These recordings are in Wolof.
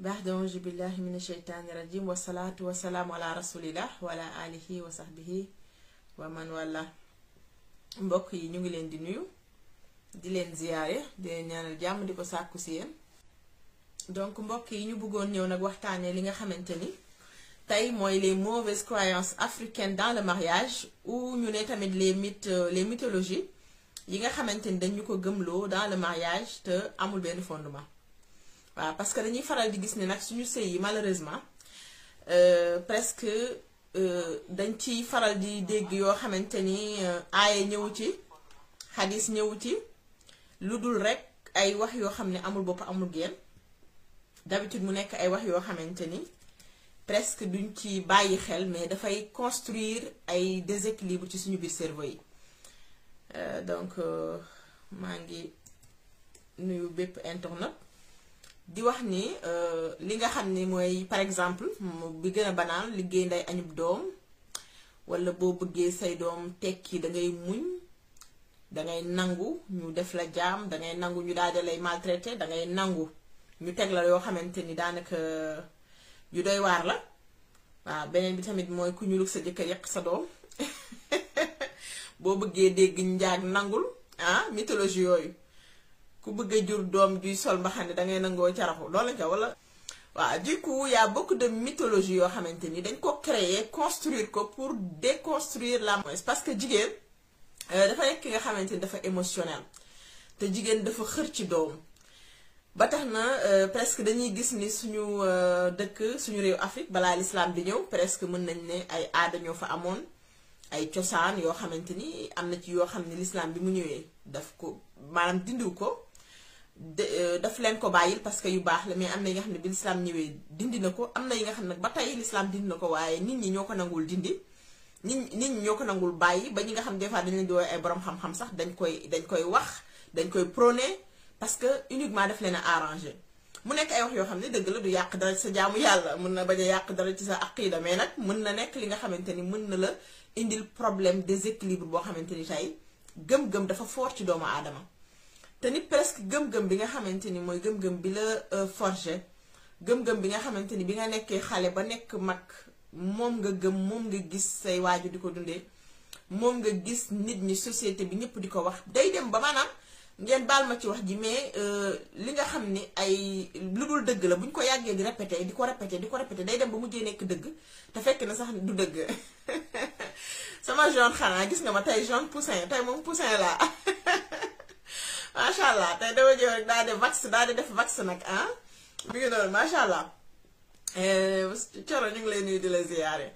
baax auzu billaahi mina sheytaani rajiim wasalaatu wasalaamu ala rasulillah wala alihi wa sahbihi wa man wala mbokk yi ñu ngi leen di nuyu di leen ziyaare di leen ñaanal jàmm di ko sàkku si yéen donc mbokk yi ñu bëggoon ñëw nag waxtaanee li nga xamante ni tey mooy les mauvaises croyances africaine dans le mariage ou ñu ne tamit les mythes les yi nga xamante ni dañu ko gëmloo dans le mariage te amul benn fondement waaw parce que dañuy faral di gis ni nag suñu sëy yi malheureusement euh, presque euh, dañ ci faral di dégg yoo xamante ni euh, aaye ñëwu ci xadis ñëwu ci lu dul rek ay wax yoo xam ne amul bopp amul geen d'habitude mu nekk ay wax yoo xamante ni presque duñ ci bàyyi xel mais dafay construire ay déséquilibre ci suñu biir cerveau yi donc maa ngi nuyu bépp internet di wax ni euh, li nga xam ni mooy par exemple bi gën a banaan liggéey nday añub doom wala boo bëggee say doom tekki da ngay muñ dangay nangu ñu def la jaam dangay nangu ñu daal di lay maltraité dangay nangu ñu teg la yoo xamante ni daanaka yu doy waar la waaw beneen bi tamit mooy ku ñulug sa jëkkër yàq sa doom boo bëggee dégg njaag nangul ah mythologie yooyu bu bëggee a jur doom juy sol mbaxane da ngay nangoo caraxu loole nga wala. waaw du coup y' a mythologie yoo xamante ni dañ ko créer construire ko pour déconstruire la mooy parce que jigéen euh, dafa nekk ki nga xamante ni dafa émotionnel te jigéen dafa xër ci doom ba tax na euh, presque dañuy gis ni suñu euh, dëkk suñu réew Afrique balaa lislaam di ñëw presque mën nañ ne ay aada ñoo fa amoon ay cosaan yoo xamante ni am na ci yoo xam ne l'islam bi mu ñëwee daf ko maanaam dindiw ko Euh, daf leen ko bàyyil parce que yu baax la mais am na yi nga xam ne bi lislaam ñëwee dindi na ko am na yi nga xam ne ba tey lislaam dindi na ko waaye nit ñi ñoo ko nangul dindi nit nit ñi ñoo ko nangul bàyyi ba ñi nga xam des fois dañ leen ay borom xam-xam dañ koy dañ koy wax dañ koy prôner parce que uniquement daf leen a arrangé mu nekk ay wax yoo xam ne dëgg la du yàq dara ci sa jaamu yàlla mën na bañ a yàq dara ci sa aqida mais nag mën na nekk li nga xamante ni mën na la indil problème déséquilibre boo xamante ni tey gëm-gëm dafa foor ci doomu aadama te nit presque gëm-gëm bi nga xamante ni mooy gëm-gëm bi la euh, forger gëm-gëm bi nga xamante ni bi nga nekkee xale ba nekk mag moom nga gëm moom nga gis say waajur di ko dundee moom nga gis nit ñi société bi ñëpp di ko wax day dem ba maanaam ngeen baal ma ci wax ji mais euh, li nga xam ni ay lu dëgg la bu ko yàggee di répété di ko répété di ko répété day dem ba mujjee nekk dëgg te na sax du dëgg sama genre xanaa gis nga ma tey genre poussin tey moom poussin laa macha allah tey dama ñëw rek daal di vax daal def vax nag ah mi ngi noonu macha allah eh, coro ñu ngi leen nuyu di la ziyaare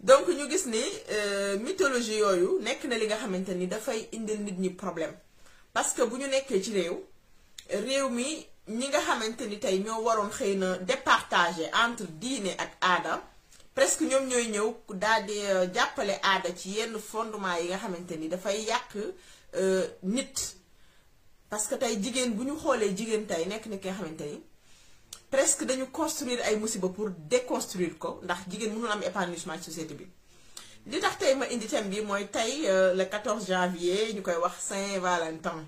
donc ñu gis ni euh, mythologie yooyu nekk na li nga xamante ni dafay indil nit ñi problème parce que bu ñu nekkee ci réew réew mi ñi nga xamante ni tey ñoo waroon xëy na départager entre diine ak aada presque ñoom ñooy ñëw daal di euh, jàppale aada ci yenn fondement yi nga xamante ni dafay yàq euh, nit parce que tey jigéen bu ñu xoolee jigéen tey nekk na ki nga xamante ni presque dañu construire ay musiba pour déconstruire ko ndax jigéen mënul am épanouissement ci société bi. li tax tey ma indi thème bi mooy tey euh, le 14 janvier ñu koy wax Saint-Valentin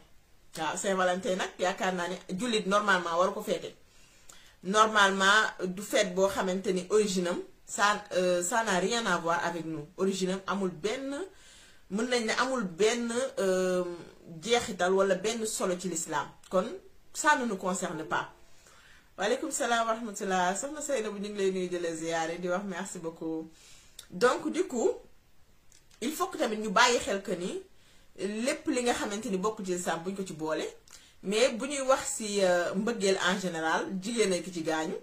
waaw Saint-Valentin nag yaakaar naa ne jullit normalement war ko feete normalement du feet boo xamante ni origine am ça euh, ça n'a rien à avec nous origine amul benn mën nañ ne amul benn. Euh, jeexital wala benn solo ci lislaam kon ça ne nous concerne pas waaleykum salaam wa rahmatullah soxna Seyna bu ñu ngi lay nuyu di la ziyaare di wax merci beaucoup donc du ko il faut tamit ñu bàyyi xel que ni lépp li nga xamante ni bokku ci lislaam buñ ko ci boole mais bu ñuy wax si euh, mbëggeel en général jigéen ak ci gaañu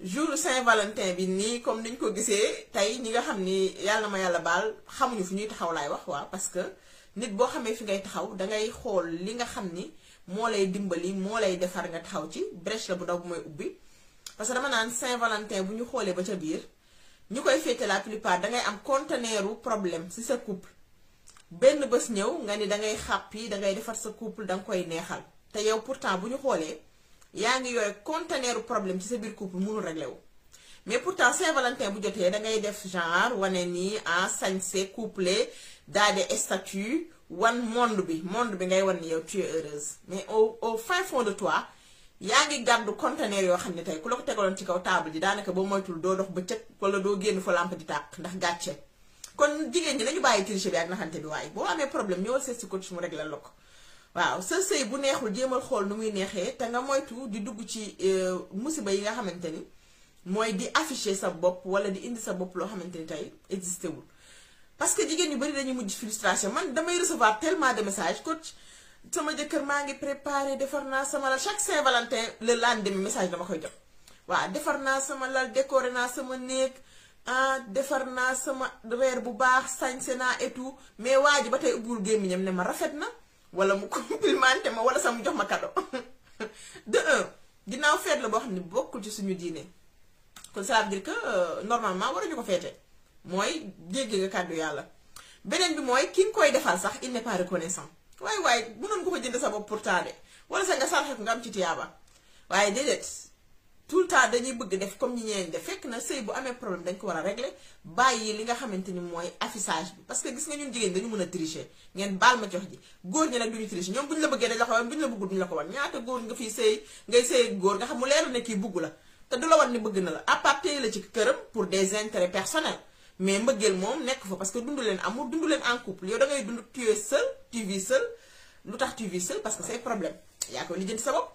jour Saint-Valentin bi nii comme niñ ko gisee tey ñi nga xam ni yàlla ma yàlla baal xamuñu fu ñuy taxaw laay wax waaw parce que nit boo xamee fi ngay taxaw dangay xool li nga xam ni moo lay dimbali moo lay defar nga taxaw ci brèche la bu ndaw bu may ubbi parce que dama naan Saint-Valentin bu ñu xoolee ba ca biir ñu koy féete la plupart dangay am conteneeru problème si sa couple benn bés ñëw nga ni dangay xàppi dangay defar sa couple danga koy neexal te yow pourtant bu ñu xoolee yaa ngi yooyu conteneeru problème ci sa biir couple mënul réglé wu mais pourtant Saint-Valentin bu jotee da ngay def genre wane ni ah sañse couple daal de wan monde bi monde bi ngay wan ni yow tu heureuse mais au au fin fond de yaa ngi gàddu conteneur yoo xam ne tey ku la ko tegaloon ci kaw taabul ji daanaka boo moytul doo dox bëccëg wala doo génn fa lampe di tàkk ndax gàcce kon jigéen ñi nañu bàyyi triche bi ak naxante bi waaye boo amee problème ñëwal seet si coach mu réglal la ko waaw sa sëy bu neexul jéemal xool nu muy neexee te nga moytu di dugg ci euh, musiba yi nga xamante ni mooy di afficher sa bopp wala di indi sa bopp loo xamante ni tey existé wul parce que jigéen ñu bari dañuy mujj frustration man damay recevoir tellement de messages coach sama jëkkër maa ngi préparé defar naa sama lal chaque Saint-Valentin le lendemain message dama koy jot waaw defar naa sama lal décoré naa sama néeg ah defar naa sama reer bu baax sañse naa et mais waa ji ba tey ubbiwul gémmiñam ne ma rafet na wala mu complimenté ma wala sax mu jox ma cadeau de un ginnaaw feet la boo xam ne bokkul ci suñu diinee kon ça veut dire que euh, normalement ñu ko feete mooy dégg nga kàddu yàlla beneen bi mooy ki koy defal sax il n'est pas reconnaissant waaye waaye mënoon nga ko jënd sa bopp pour taade wala sax nga sànqee ko nga am ci tiyaaba waaye déedéet tout le temps dañuy bëgg def comme fekk na sëy bu amee problème dañ ko war a régler bàyyi li nga xamante ni mooy affichage bi parce que gis nga ñun jigéen dañu mën a tricher ngeen baal ma jox ji góor ñi nag duñu tricher ñoom bu ñu la bëggee dañ la ko wan bu ñu ñaata góor nga fiy sëy ngay sëy góor nga leer na kii bugg la te du la war ne bëgg na la à part téye la ci këram pour des intérêts personnels mais mbëggeel moom nekk fa parce que dund leen amul dund leen en couple yow da ngay dund tu es seul tu vis lu tax tu vis seul parce que say problème yaa ko lijjanti sa bopp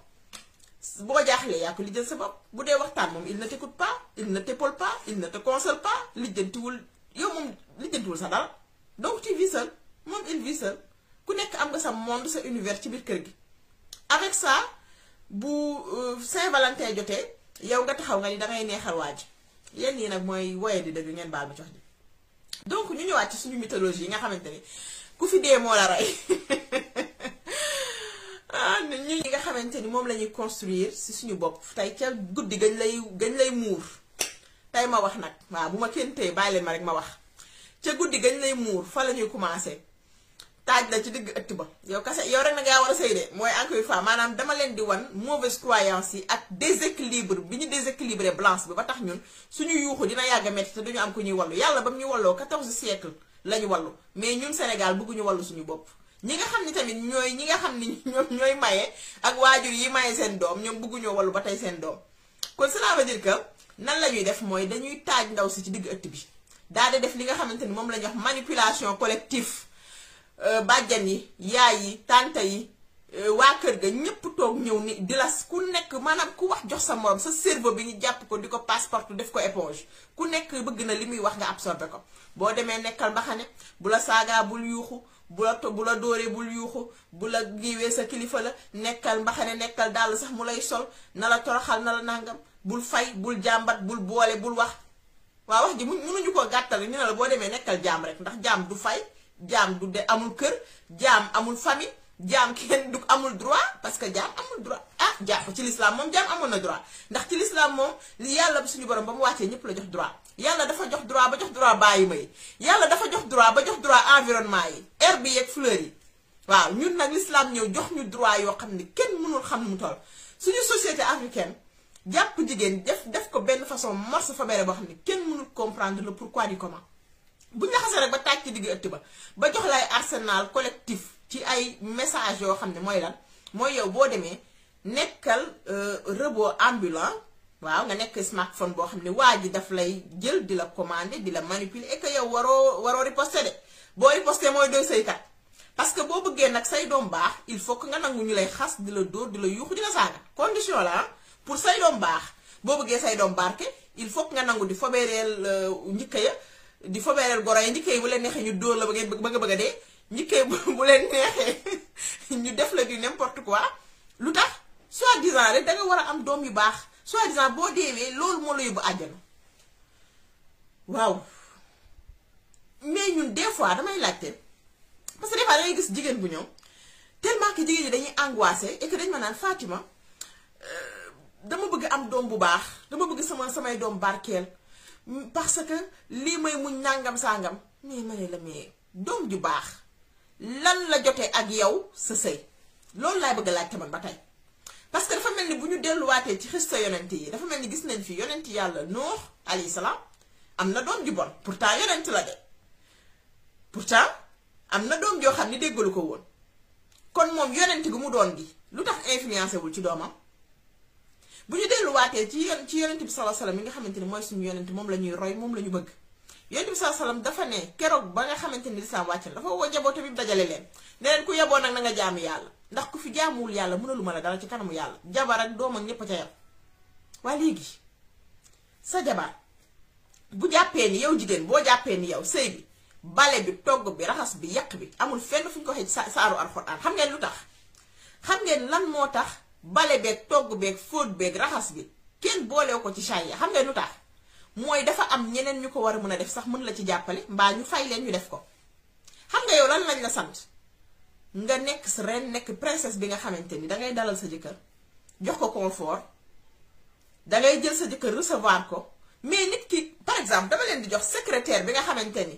boo jaaxlee yaa ko lijjanti sa bopp bu dee waxtaan moom il ne t'écoute pas il ne t'épaule pas il ne te console pas lijjantiwul yow moom lijjantiwul sa dara donc tu vis seul moom il vit seul ku nekk am nga sa monde sa univers ci biir kër gi avec ça bu euh, Saint-Valentin jotee. yow nga taxaw nga ni dangay neexal waa ji yenn yi nag mooy woye di dëgg ngeen baal ma jox ji donc ñu ñëwaat ci suñu mythologie yi nga xamante ni ku fi dee moo la rey ah ñi nga xamante ni moom la ñuy construire si suñu bopp tey ca guddi gañ lay gañ lay muur tey ma wax nag waaw bu ma kenn téye bàyyi leen ma rek ma wax ca guddi gañ lay muur fa la ñuy commencé. taaj la ci digg ëtt ba yow kase yow rek na ngaa war a sëy de mooy encore une fois maanaam dama leen di wan mauvaise croyance yi ak déséquilibre bi ñu déséquilibré balance bi ba tax ñun suñu yuuxu dina yàgg a métti te duñu am ku ñuy wallu yàlla ba mu ñu walloo 14 siècle lañu wallu mais ñun Sénégal bëgguñu wallu suñu bopp ñi nga xam ni tamit ñooy ñi nga xam ni ñoom ñooy maye ak waajur yi maye seen doom ñoom bëgguñoo wallu ba tey seen doom kon cela veut que nan la ñuy def mooy dañuy taaj ndaw si ci digg ëtt bi daal di def li nga xamante ni moom la ñuy wax manipulation collective Euh, bàjjan yi yaay yi tante yi euh, waa kër ga ñëpp toog ñëw ni di ku nekk maanaam ku wax jox sa morom sa cerveau bi ñu jàpp ko di ko passeport def ko éponge ku nekk bëgg na li muy wax nga absorbé ko boo demee nekkal mbaxane bu la saagaa bul yuuxu bu la bu bul yuuxu bu la giiwee sa kilifa la nekkal mbaxane nekkal dàll sax mu lay sol na la toroxal na la nàngam bul fay bul jàmbat bul boole bul wax waa wax ji mënuñu ko gàttal ñu ne la boo demee nekkal jaam ndax jaam du fay jaam du de amul kër jaam amul famille jaam kenn du amul droit parce que jaam amul droit ah jàpp ci lislaam moom jaam amoon na droit ndax ci lislaam moom li yàlla bi suñu borom ba mu wàccee ñëpp la jox droit yàlla dafa jox droit ba jox droit bàyyi ma yi yàlla dafa jox droit ba jox droit environnement yi air bi yeeg fleur yi waaw ñun nag lislaam ñëw jox ñu droit yoo xam ni kenn mënul xam mu toll suñu société africaine jàpp jigéen def def ko benn façon morse fa bere boo xam ne kenn mënul comprendre le pourquoi du comment bu ñu xasee rek ba tàcc digg ëtt ba ba jox lay arsenal collectif ci ay message yoo xam ne mooy lan mooy yow boo demee nekkal euh, robot ambulant waaw nga nekk smartphone boo xam ne waa ji daf lay jël di la commander di la manipuler et que yow waroo waroo riposter de boo riposter mooy doy say kat parce que boo bëggee nag say doom baax il faut que nga nangu ñu lay xas di la dóor di la yuuxu di la saaga condition la ah. pour say doom baax boo bëggee say doom barke il faut nga nangu di fobeereel euh, njëkk ya di fobeereel goro yi njëkkee bu leen neexee ñu dóor la ba nga bëgg a dee njëkkee bu leen neexee ñu def la du porte quoi lu tax soi-disant rek da war a am doom yu baax soi-disant boo deewee loolu moo la yóbbu àjjana waaw mais ñun des fois damay laajte parce que des fois gis jigéen bu ñëw tellement ki jigéen yi dañuy angoissé et dañ ma naan Fatima euh, dama bëgg am doom bu baax dama bëgg sama samay doom barkeel. parce que lii may muñ nàngam sàngam mais ma la mais doom ju baax lan la jotee ak yow sa sëy loolu laay bëgg laaj man ba tey parce que dafa mel ni bu ñu delluwaatee ci sa yonent yi dafa mel ni gis nañ fi yonent yàlla noox alayhi salaam am na doom ju bon pour pourtant yonent la de pourtant am na doom joo xam ni déggalu ko woon kon moom yonent gu mu doon gi lu tax influencé wul ci doomam bu ñu delluwaatee ci yoon ci yonent bi salaa salaam yi nga xamante ni mooy suñu yonent moom la ñuy roy moom la ñu bëgg yonent bi salaa salaam dafa ne keroog ba nga xamante ni lislaam wàcc na dafa woo jaboote bi dajale leen ne leen ku yeboo nag na nga jaamu yàlla ndax ku fi jaamuwul yàlla mënalu ma la dara ci kanamu yàlla jabar ak doom ak ñëpp a ca yam waa léegi sa jabar bu jàppee ni yow jigéen boo jàppee ni yow sëy bi bale bi togg bi raxas bi yàq bi amul fenn fu ñu ko xëj saaru alxuraan xam ngeen lu tax xam ngeen lan moo tax bale beeg togg beeg fóot beeg raxas bi kenn boolew ko ci charia xam nga lu tax mooy dafa am ñeneen ñu ko war a mën a def sax mën la ci jàppale mbaa ñu fay leen ñu def ko xam nga yow lan lañ la sant nga nekk sa ren nekk princesse bi nga xamante ni dangay dalal sa jëkkër jox ko confort dangay jël sa jëkkër recevoir ko mais nit ki par exemple dama leen di jox secrétaire bi nga xamante ni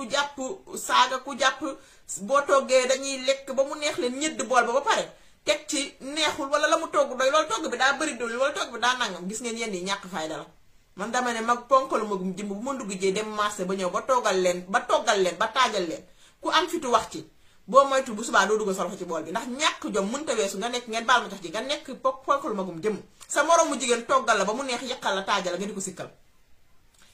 ku jàpp saaga ku jàpp boo toggee dañuy lekk ba mu neex leen ñëdd bool ba ba pare teg ci neexul wala la mu togg doy loolu togg bi daa bëri dool wala togg bi daa nangam gis ngeen yéen yi ñàkk fayda la man dama ne mag ponkalu magum jëmb bu ma dugg jee dem marché ba ñëw ba toggal leen ba toggal leen ba taajal ku am wax ci boo moytu bu subaa doo dugg sa loxo ci bool bi ndax ñàkk jom mënta weesu nga nekk ngeen baal ma tax ci nga nekk ponkalu magum jëmm sa moroom mu jigéen toggal la ba mu neex yàqal la taajal la nga di ko sikkal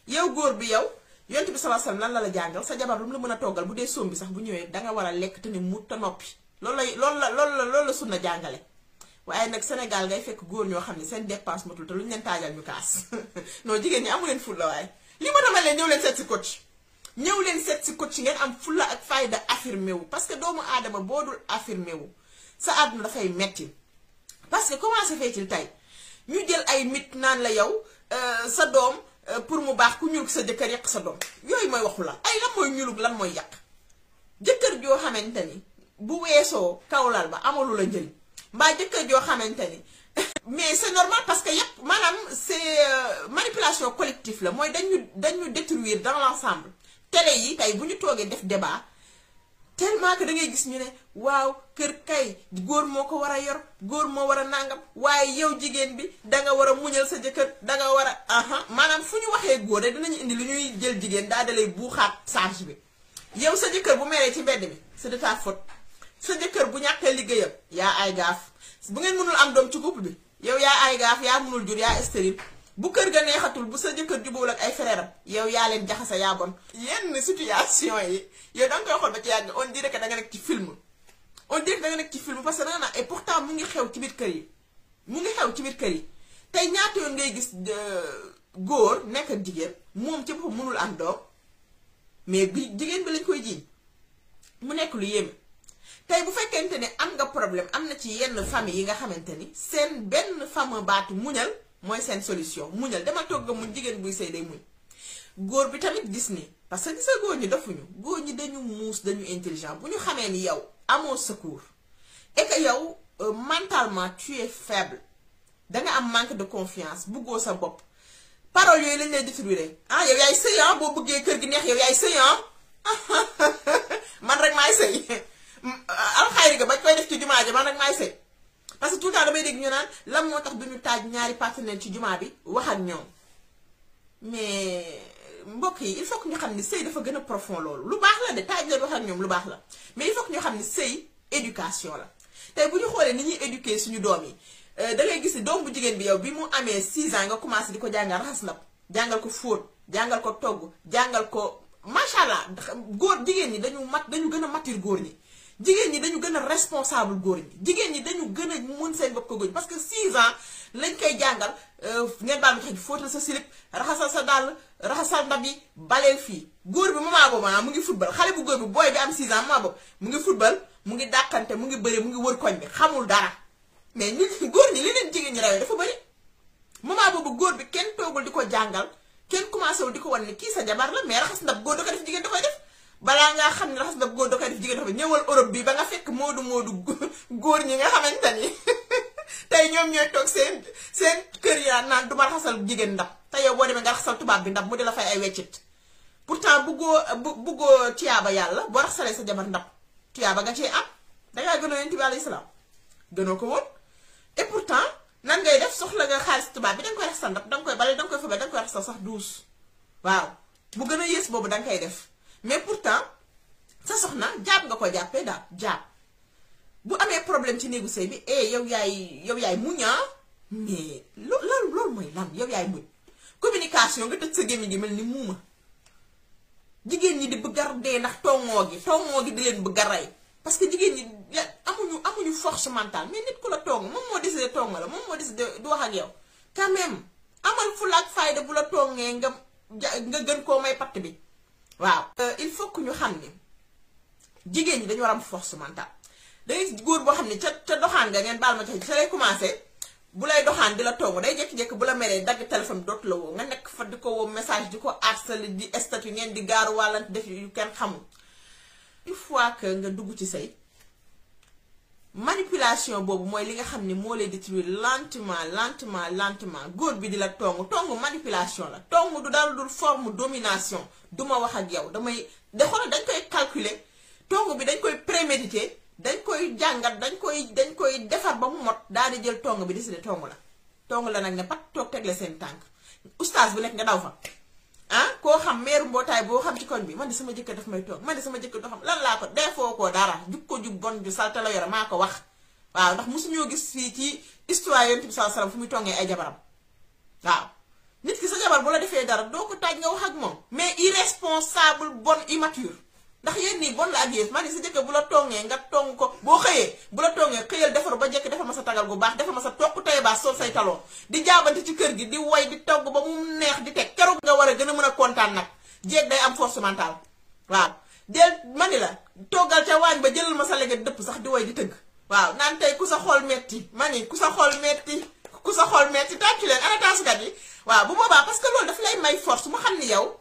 yow góor bi yow yonent bi sallallahu alayhi wasallam la la jàngal sa jabar lu mu la mën a toggal bu dee soom bi sax bu ñëwee danga war a lekk te ni mu te noppi loolu lay loolu la lool la loolu la sunna jàngale waaye nag Sénégal ngay fekk góor ñoo xam ne seen dépense matul te lu ñu leen taajal ñu kaas noo jigéen ñi amu leen fulla waaye li ma dama leen ñëw leen seet si coach ñëw leen seet si coach ngeen am fulla ak fayda affirmé wu parce que doomu aadama boo dul affirmé wu sa àdduna dafay metti parce que comment se fait tey ñu jël ay mit naan la yow euh, sa doom Euh, pour mu baax ku ñulug sa jëkkër yàq sa doom yooyu mooy waxu lal ay lan mooy ñulug lan mooy yàq jëkkër joo xamante ni bu weesoo kawlal ba amalu la njëriñ mbaa jëkkër joo xamante ni mais c'est normal parce que yëpp maanaam c'est euh, manipulation collective la mooy dañu dañu détruire dans l'ensemble télé yi tey bu ñu toogee def débat tellement que da ngay gis ñu ne waaw kër kay góor moo ko war a yor góor moo war a nàngam waaye yow jigéen bi danga war a muñal sa jëkkër danga war a aha maanaam fu ñu waxee góor rek dinañu indi lu ñuy jël jigéen daa dalay buuxaat charge bi yow sa jëkkër bu meree ci bedd mi c'est de ta faute sa jëkkër bu ñàkkee liggéeyam yaa ay gaaf bu ngeen mënul am doom ci couple bi yow yaa ay gaaf yaa mënul jur yaa stérile bu kër ga neexatul bu sa jëkkër jubóol ak ay frère am yow yaa leen jaxase yaa bon yenn situation yi yow da nga koy xool ba ci yàgg on dirait que da nga nekk ci film on dirait que nekk ci film parce que da nga naan et mu ngi xew ci biir kër yi mu ngi xew ci biir kër yi tey ñaata yoon ngay gis euh, góor nekk jigéen moom ci boppam mënul am doom mais bi jigéen bi lañ koy jiiñ mu nekk lu yéeme tey bu fekkente ni am nga problème am na ci yenn famille yi nga xamante ni seen benn femme baatu muñal. mooy seen solution muñal demal togg muñ jigéen buy sëy day muñ góor bi tamit gis ni parce que gis nga góor ñi dofuñu góor ñi dañu muus dañu intelligent bu ñu xamee ni yow amoo secours et que yow euh, mentalement tu es faible danga am manque de confiance buggoo sa bopp parole yooyu lañ lay détruire ah yow yaay sëy ah, boo bëggee kër gi neex yow yaay sëy ah man rek maay sëy euh, alxayri ga bañ koy def ci jumaa man rek maay sëy parce que tout le temps damay dégg ñu naan lan moo tax du taaj ñaari partenaire ci jumaa bi wax ak ñoom mais mbokk yi il faut que ñu xam ne sëy dafa gën a profond loolu lu baax la de taaj la wax ak ñoom lu baax la mais il faut que ñu xam ni sëy éducation la tey bu ñu xoolee ni ñuy éduquer suñu doom yi euh, da ngay gis ni doom bu jigéen bi yow bi mu amee 6 ans nga commencé di ko jàngal raxas ndab jàngal ko fóot jàngal ko togg jàngal ko macha allah góor jigéen ñi dañu mat dañu gën a matir góor ñi. jigéen ñi dañu gën a responsable góor ñi jigéen ñi dañu gën a mun seen bopp ko góor ñi parce que 6 ans lañ koy jàngal euh, ngeen baal ma xëy fóotal sa slip raxasal sa dàll raxasal ndab yi baleel fii góor bi maman boobu maanaam ah, mu ngi football xale bu góor bi booy bi am 6 ans maman boobu mu ngi football mu ngi dàqante mu ngi bëri mu ngi wër koñ bi xamul dara mais ñun góor ñi li leen jigéen ñi rawee dafa bëri maman boobu góor bi kenn toogul di ko jàngal kenn commencé wul di ko wan ne kii sa def balaa ngaa xam ne raxas ndab góor da koy def jigéen dafa ñëwal Europe bi ba nga fekk moodu moodu góor ñi nga xamante ni tey ñoom ñooy toog seen seen kër yaa naan du ma raxasal jigéen ndab te yow boo demee nga raxasal tubaab bi ndab mu de la fay ay weccit pourtant buggoo bu buggoo tiyaaba yàlla boo raxasalee sa jabar ndab tiyaaba nga cee am dangaa gënoo yonent bi alayhi salaam gënoo ko woon et pourtant nan ngay def soxla nga xaalis tubaab bi danga koy raxasal ndab danga koy bale danga koy fabee danga koy raxasal sax duus waaw bu gën a yées boobu danga koy def mais pourtant sa soxna jaab nga ko jàppee daal jaab bu amee problème ci néegu sëy bi eh yow yaay yow yaay muñ ah. mais loolu loolu mooy lan yow yaay muñ communication nga tëj sa gémmiñ gi mel ni muuma jigéen ñi di bëgg a dee ndax tooŋoo gi tooŋoo gi di leen bëgg a rey parce que jigéen ñi amuñu amuñu force mentale mais nit ku la toog moom moo décidé ma la moom moo décidé du wax ak yow quand même amal fulaak fayda bu la toogee nga nga gën koo may patt bi. waaw euh, il faut que ñu xam ni jigéen ñi dañu war am force mentale dangay góor boo xam ne ca ca doxaan nga ngeen baal ma ca ca lay commencé bu lay doxaan di la toogu day jékki-jékki bu la meree dagg téléphone dootu la woo nga nekk fa di ko woo message di ko harcelé di statut ngeen di gaaru wàllante def yu kenn xamul une fois que nga dugg ci say manipulation boobu mooy li nga xam ne moo lay détruire lentement lentement lentement góor bi di la tong tongu manipulation la tong du dara dul formu domination du ma wax ak yow damay de xoolal dañ koy calculer tong bi dañ koy préméditer dañ koy jàngat dañ koy dañ koy defar ba mu mot daal di jël tong bi décider tong la tong la nag ne pat toog tegle seen tànk oustaz bi nekk nga daw fa ah koo xam meeru mbootaay boo xam ci koñ bi man de sama jëkkër daf may toog man di sama jëkk doo xam lan laa ko defoo ko dara jub ko jub bon ju salte la yore maa ko wax waaw ndax mosuñoo gis fii ci histoire yonent bi sallallahu fu muy tongee ay jabaram waaw nit ki sa jabar bu la defee dara doo ko taaj nga wax ak moom mais irresponsable bon immature ndax yéen nii bon la ak yées maa ni sa jëkkër bu la tongee nga tong ko boo xëyee bu la tongee xëyal defar ba jekk defal ma sa tagal gu baax defal ma sa topp tey baas sol say taloo di jaabante ci kër gi di way di togg ba mu neex di teg keroog nga a gën a a kontaan nag day am force mentale waaw del ma ni la toggal ca waañ ba jëlal ma sa leget dëpp sax di way di tëgg waaw naan tey ku sa xool metti man ni ku sa xool metti ku sa xool metti tàccu leen ana taasukat yi waaw bu boobaa parce que loolu daf lay may force mu xam ni yow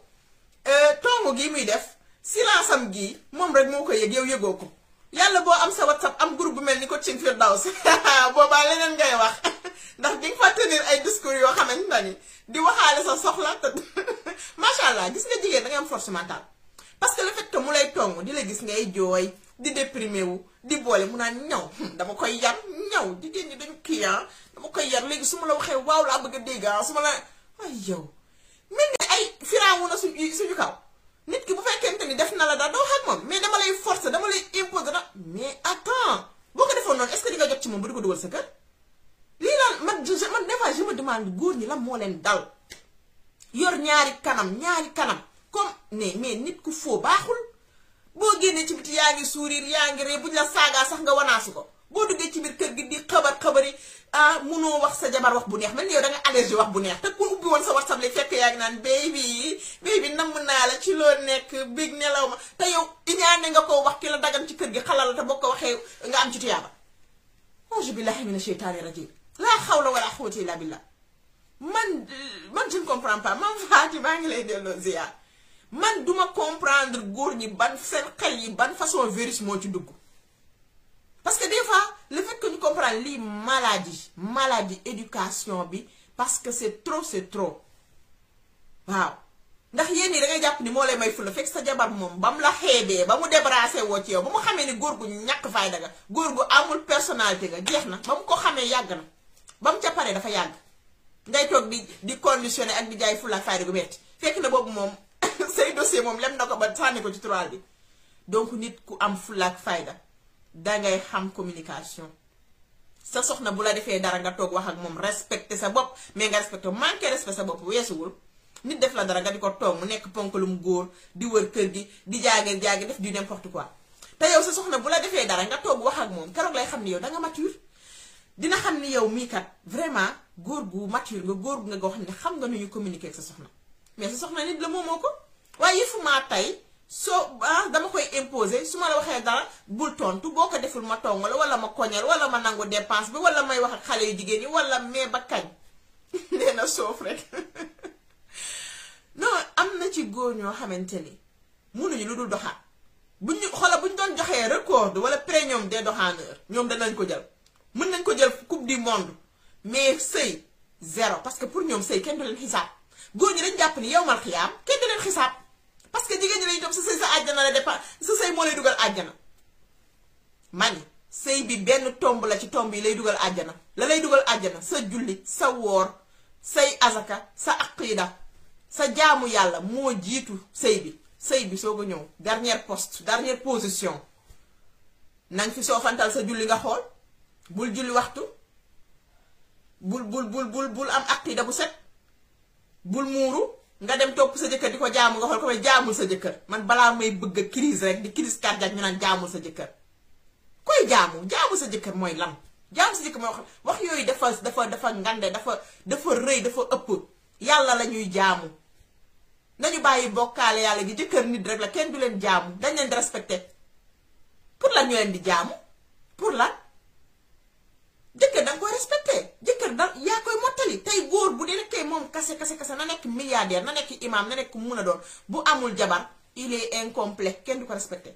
euh, tongu gi muy def silence am gii moom rek moo ko yëg yow yëgoo ko yàlla boo am sa whatsapp am groupe bu mel ni ko Coaching Firdaws boobaa leneen ngay wax ndax di nga fa tenir ay discours yoo xamante ni di waxaale sa soxla te macha allah gis nga jigéen da nga am force mentale. parce que le fait que mu lay tong di la gis ngay jooy di déprimer wu di boole mu naan ñaw hmm, dama koy yar ñaw jigéen ñi dañu kii ah, dama koy yar léegi su ma la waxee waaw laa bëgg a dégg ah, su ma la ay yow mel ni ay firaawu na kaw. nit ki bu fekkente ni def na la daal doo xaat moom mais dama lay forcer dama lay imposer da mais attends boo ko defoon noonu est-ce que di jot ci moom bu di ko dugal sa kër lii daal man man des fois je me demande góor ñi la moo leen dal yor ñaari kanam ñaari kanam comme ne mais nit ku foo baaxul boo génnee ci biti yaa ngi sourire yaa ngi ree buñ la saagaa sax nga wanaasu ko boo duggee ci biir kër gi di xabar xabar yi ah munoo wax sa jabar wax bu neex mel ni yow da nga wax bu neex te ku ubbi woon sa whatsapp li fekk yaa ngi naan baby baby namm naa la ci loo nekk big nelaw ma te yow iñaane nga ko wax ki dagan ci kër gi xalal te boo ko waxee nga am ci tuyaaba auzu billahi mina sheytaani rajim laa xawla wala xuwata illa billah man man je ne comprends pas man Faty maa ngi lay delloo ziar man duma comprendre góor ñi ban seen xel yi ban façon virus moo ci dugg parce que des fois le fait que ñu comprendre lii maladie maladie éducation bi parce que c'est trop c'est trop waaw ndax yéen ñi da ngay jàpp ni moo lay may fula fekk sa jabar moom ba mu la xeebee ba mu débarrassé woo ci yow ba mu xamee ni góor gu ñàkk fayda nga góor gu amul personnalité nga jeex na ba mu ko xamee yàgg na ba mu ca paree dafa yàgg ngay toog di di conditionné ak di jaay fula fayda gu metti fekk na boobu moom say dossier moom lem na ko ba sànni ko ci tiroir bi donc nit ku am fula fayda. dangay xam communication sa soxna bu la defee dara nga toog wax ak moom respecté sa bopp mais nga respecté manqué respect sa bopp weesuwul nit def la dara nga di ko toog mu nekk ponk lu mu góor di wër kër gi di jaage jaage def du n'importe quoi te yow sa soxna bu la defee dara nga toog wax ak moom keroog lay xam ni yow danga mature dina xam ni yow mii kat vraiment góor gu mature nga góor gu nga xam ne xam nga nu ñu communiquer ak sa soxna mais sa soxna nit la moomoo ko waaye yëfu maa tey soo baax ah, dama koy imposer su ma la waxee dara bul tontu boo ko deful ma tongal wala ma koñal wala ma nangu dépense bi wala may wax ak xale yu jigéen ñi wala mais ba kañ nee na soof rek non am na ci góor ñoo xamante ni munuñu lu dul doxaan buñ ñu bu buñ doon joxee record wala premium des doxaaneur ñoom danañ ko jël mën nañ ko jël coupe du monde mais sëy zéro parce que pour ñoom sëy kenn du leen xisaab góor ñi dañ jàpp ni yow mal xiyaam kenn du leen xisaab. parce que jigéen ñi lañu topp sa sëy sa àjjana la dépend sa sëy moo lay dugal àjjana mani sëy bi benn tomb la ci tomb yi lay dugal àjjana la lay dugal àjjana sa julli sa woor say azaka sa aqida sa jaamu yàlla moo jiitu sëy bi sëy bi soo ko ñëw dernier poste dernière position nang fi soo sa julli nga xool bul julli waxtu bul bul bul bul am aqida bu set bul muuru nga dem topp sa jëkkër di ko jaamu nga xool ko may jaamul sa jëkkër man balaa may bëgg a crise rek di crise cardiaque ñu naan jaamul sa jëkkër koy jaamu jaamu sa jëkkër mooy lan jaamu sa jëkkër mooy wax yooyu dafa dafa dafa ngande dafa dafa rëy dafa ëpp yàlla la ñuy jaamu nañu bàyyi bokkaale yàlla gi jëkkër nit rek la kenn du leen jaamu dañ leen di respecté pour lan leen di jaamu pour la jëkkër da nga koy respecté jëkkër da yaa koy mottali tey góor bu dee tey moom kase kase kase na nekk milliardaire na nekk imam na nekk mun a doon bu amul jabar il est incomplet kenn du ko respecté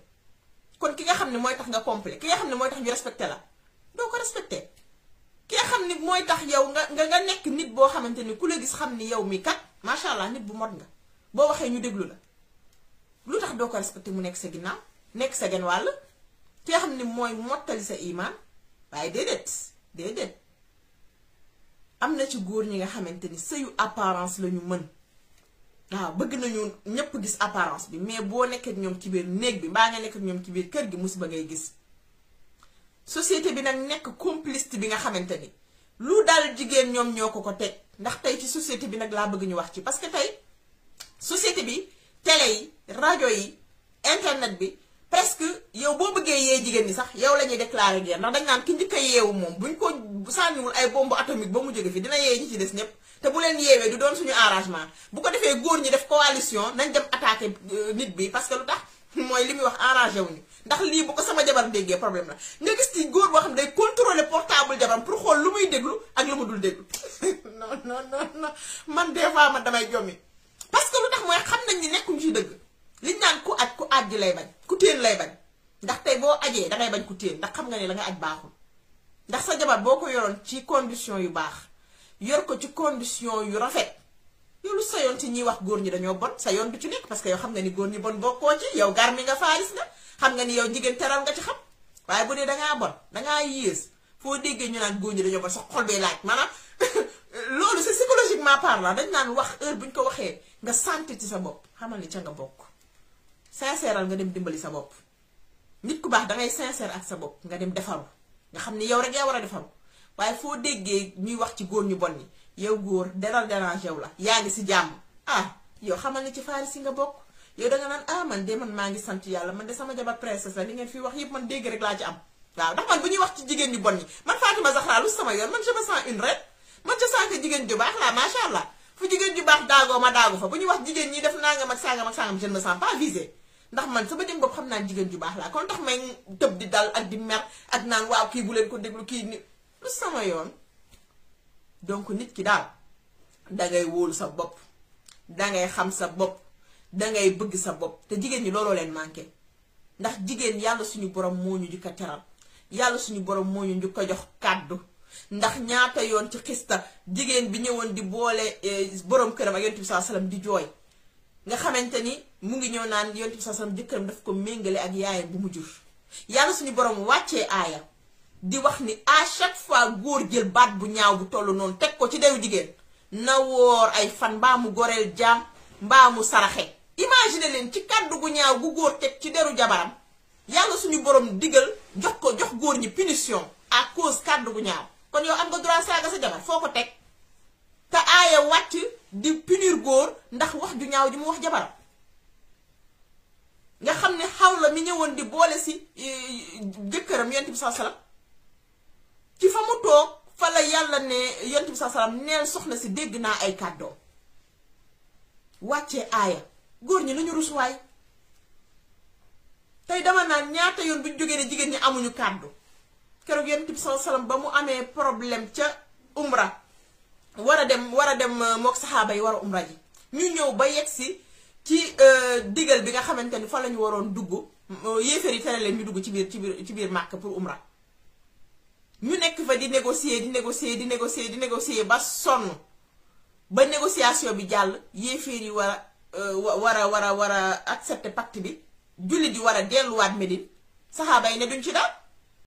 kon ki nga xam ne mooy tax nga complet ki nga xam ne mooy tax ñu respecté la doo ko respecté ki nga xam ne mooy tax yow nga nga nga nekk nit boo xamante ni ku la gis xam ni yow mi kat macha allah nit bu mot nga boo waxee ñu déglu la lu tax doo ko respecté mu nekk sa ginnaaw nekk sa genn wàll ki nga xam ne mooy mottali sa iman waaye déedéet. déedéet am na ci góor ñi nga xamante ni sëyu apparence lañu mën waaw bëgg nañu ñëpp gis apparence bi mais boo nekkee ñoom ci biir néeg bi mbaa nga nekk ñoom ci biir kër gi musiba ngay gis société bi nag nekk complice bi nga xamante ni lu daal jigéen ñoom ñoo ko ko teg ndax tey ci société bi nag laa bëgg ñu wax ci parce que tey société bi télé yi rajo yi internet bi parce que yow boo bëggee yee jigéen ñi sax yow la ñuy déclaré guerre ndax dañ naan ki njëkk a yeewu moom buñ ko sànniwul ay bombe atomique ba mu jóge fii dina yee ñi ci des ñëpp te bu leen yeewee du doon suñu arrangement bu ko defee góor ñi def coalition nañ dem attaqué euh, nit bi parce que lu tax mooy li muy wax arrangé wuñu ndax lii bu sama jabar déggee problème la gis ci góor boo xam ne day contrôler portable jabaram pour xool lu muy déglu ak lu mu dul déglu non non non non man des fois man damay jommi parce que lu tax mooy xam nañ ni nekkuñu ci dëgg liñ naan ku aj ku àjj lay bañ ku téel lay bañ ndax tey boo ajee dangay bañ ku téel ndax xam nga ne la nga aj baaxul ndax sa jabar boo ko yoroon ci condition yu baax yor ko ci condition yu rafet yow lu sa yoon ci ñiy wax góor ñi dañoo bon sa yoon du ci nekk parce que yow xam nga ni góor ñi bon bokkoo ci yow gar mi nga faaris nga xam nga ni yow jigéen teral nga ci xam waaye bu dee dangaa bon dangaa yées foo déggee ñu naan góor ñi dañoo bon sa xol bee laaj maanaam loolu c'est psychologiquement parlant dañ naan wax heure buñ ko waxee nga santé ci sa bopp xamal ni ca nga bokk sincèreal nga dem dimbali sa bopp nit ku baax dangay sincère ak sa bopp nga dem defaru nga xam ni yow rek yaa war a defaru waaye foo déggee ñuy wax ci góor ñu bon ñi yaw góor deral dérange yow la yaa ngi si jàmm ah yow xamal ne ci faari si nga bokk yow danga naan ah man de man maa ngi sant yàlla man de sama jabar princesse la li ngeen fi wax yëpp man dégg rek laa ci am waaw ndax man bu ñuy wax ci jigéen ñu bon ñi man Fatima Zahra lu sama yoon man je man je baax la macha allah fu jigéen ju baax daagoo ma daagu fa bu ñuy wax jigéen ñi def nangam ak sangam ak sangam ndax man sama jëm bopp xam naa jigéen ju baax laa kon tax may tëb di dal ak di mer ak naan waaw kii bu leen ko déglu kii ni lu sama yoon donc nit ki daal dangay wóolu sa bopp dangay xam sa bopp dangay bëgg sa bopp te jigéen ñi looloo leen manqué ndax jigéen yàlla suñu borom moo ñu njëkk a teral yàlla suñu borom moo ñu njëkk a jox kàddu ndax ñaata yoon ci xista jigéen bi ñëwoon di boole eh, borom këram ak yonent bi sallallahu alayhi wasallam di jooy nga xamante ni mu ngi ñëw naan yonent bi sallam jëkkëram daf ko méngale ak yaayam bu mu jur yàlla suñu borom wàccee aayam di wax ni à chaque fois góor jël baat bu ñaaw bu toll noonu teg ko ci deru jigéen na woor ay fan mbaa mu goreel jaam mbaa mu saraxe imagine leen ci kàddu gu ñaaw gu góor teg ci deru jabaram yàlla suñu borom digal jox ko jox góor ñi punition à cause kàddu gu ñaaw kon yow am nga droit saaga sa jabar foo ko teg te aaya wàcc di punir góor ndax wax ju ñaaw ji mu wax jabaram nga xam ne xaw la mi ñëwoon di boole si e, jëkkëram yonent bi saa salaam ci fa mu toog fa la yàlla ne yonent bi saa salaam neel soxna si dégg naa ay kàddoo wàcce aaya góor ñi nañu rusuwaay tey dama naa ñaata yoon bu jógee ne jigéen ñi amuñu kàddu keroog yonent bi salaam ba mu amee problème ca umra war a dem war a dem euh, mook saxaaba yi war a umra ji ñu ñëw ba yegg si ci euh, digal bi nga xamante ni fa la ñu waroon dugg euh, yéefar yi tere leen ñu dugg ci biir ci biir ci biir màkk pour umra ñu nekk fa di négocier di négocier di négocier di négocier ba sonn ba négociation bi jàll yéefar yi war a war a war a war a accepter pacte bi jullit yi war a delluwaat Medine saxaaba yi ne duñ ci daal.